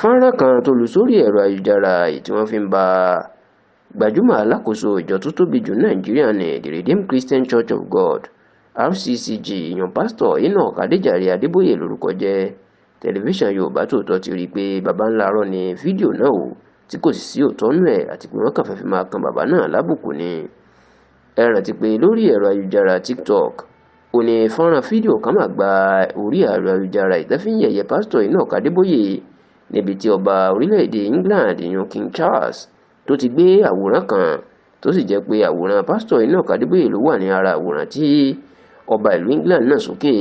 fọ́nrán kan tó lu sórí ẹ̀rọ ayélujára èyí tí wọ́n fi ń ba gbajúmọ̀ alákòóso ìjọ tó tóbi jù nàìjíríà ní the redeemed christian church of god rccg ìyàn pásítọ̀ enoch adéjàre adébóyè lórúkọ jẹ́ tẹlifíṣàn yorùbá tòótọ́ ti rí i pé baba ńlá arọ́ ni fídíò náà o tí kò sì sí òótọ́ nù ẹ̀ àti pé wọ́n kàn fẹ́ fi máa kan bàbá náà lábùkù ni ẹ rántí pé lórí ẹ̀rọ ayélujára tiktok ò ní fọ́nrán fídíò kan máa gba orí ẹ̀rọ ayélujára ìtẹ́fíyẹ̀yẹ pásítọ̀ enoch adébóyè níbi tí ọba orílẹ̀-èdè England ìyún King Charles tó ti gbé àwòrán kan tó sì jẹ́ pé àwòrán pásítọ̀ Enoch Adébóyè ló wà ní ara àwòrán tí ọba ìlú England náà sókè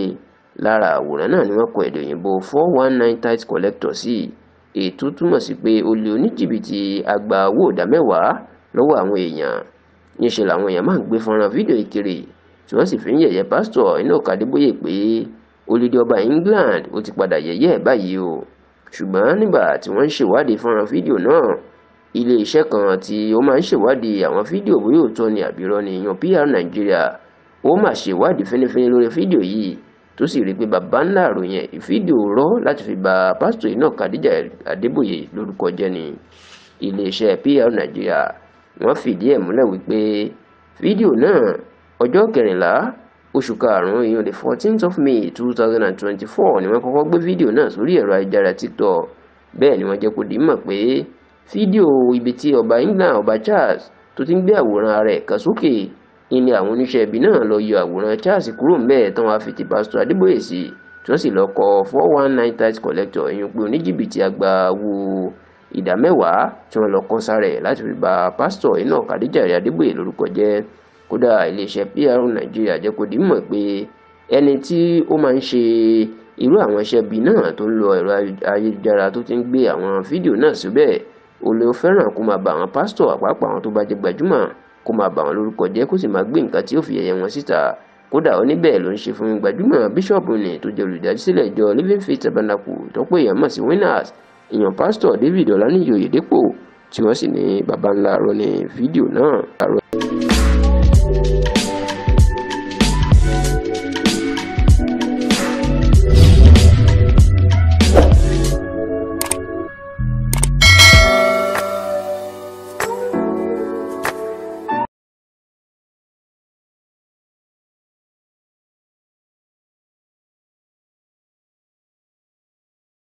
lára àwòrán náà ni wọ́n kọ èdè òyìnbó four one nine tight collector sí ètò túmọ̀ sí pé olè oníjìbìtì agba owó ìdá mẹ́wàá lọ́wọ́ àwọn èèyàn níṣẹ́ làwọn èèyàn máa ń gbé fọ́nrán fídíò ìkiri tí wọ́n sì fi ń yẹ̀yẹ́ pásítọ̀ Enoch Adébóyè pé olùdí ọba England ó ti padà yẹ̀yẹ́ ẹ̀ báyìí o ṣùgbọ́n nígbà tí wọ́n ń ṣèwádìí fọ́nrán fídíò náà iléeṣẹ́ kan tí ó máa ń ṣèwádìí àwọn fídíò bóyá òótọ́ ni àbírọ́ ni yan PR Nigeria ó máa ṣèwádìí fínífíní lórí fídíò yìí tó sì rí i pé bàbá ńlá àròyìn ìfídíò rọ́ láti fi ba pásítọ̀ iná Khadija Adébóyè lórúkọ jẹ́ ni iléeṣẹ́ PR Nigeria wọ́n fìdí ẹ̀ múlẹ̀ wípé fídíò náà ọjọ́ kẹrìnlá oṣù karùn-ún ìyẹn the fourteenth of may two thousand and twenty-four ni wọ́n kọ́kọ́ gbé fídíò náà sórí ẹ̀rọ ayélujára tiktok bẹ́ẹ̀ ni wọ́n jẹ́ kó dìímọ̀ pé fídíò ibi tí ọba england ọba charles tó ti ń gbé àwòrán ara ẹ̀ kan sókè ilé àwọn oníṣẹ́ ibi náà lọ yọ àwòrán charles kúrò ńbẹ̀ tán wá fi ti pásítọ̀ adébóyè sí tí wọ́n sì lọ kọ four one nine tax collector ìyẹn pé oníjìbìtì àgbà wo ìdá mẹ́wàá tí wọ́n lọ kọ́ sára ẹ̀ láti fi ba pásítọ̀ iná kàdéjàre adébóyè lórúkọ jẹ́ kódà iléeṣẹ́ PR nàìjíríà jẹ́ kó di mọ̀ pé ẹni tí ó máa ń ṣe irú àwọn iṣẹ́ bíi náà tó ń lo ẹ̀rọ ayélujára tó ti ń gbé àwọn fídíò náà síbẹ̀ ó lè fẹ́ràn kó máa bà àwọn pásítọ̀ àpapọ̀ àwọn tó bá jẹ́ gbajúmọ̀ kó máa bà àwọn lórúkọ jẹ́ kó sì máa gbé nǹkan tí ó fi yẹ̀yẹ́ wọn síta kódà ó ní ló ń ṣe fún gbajúmọ̀ bíṣọ̀pù ni tó jẹ́ olùdásílẹ̀ ìjọ Living Faith Tabernacle tó pé èèyàn mọ̀ sí Winners ìyàn pásítọ̀ David Ọláníyì Oyèdépò tí wọ́n sì ní baba ńlá arọ ní fídíò náà arọ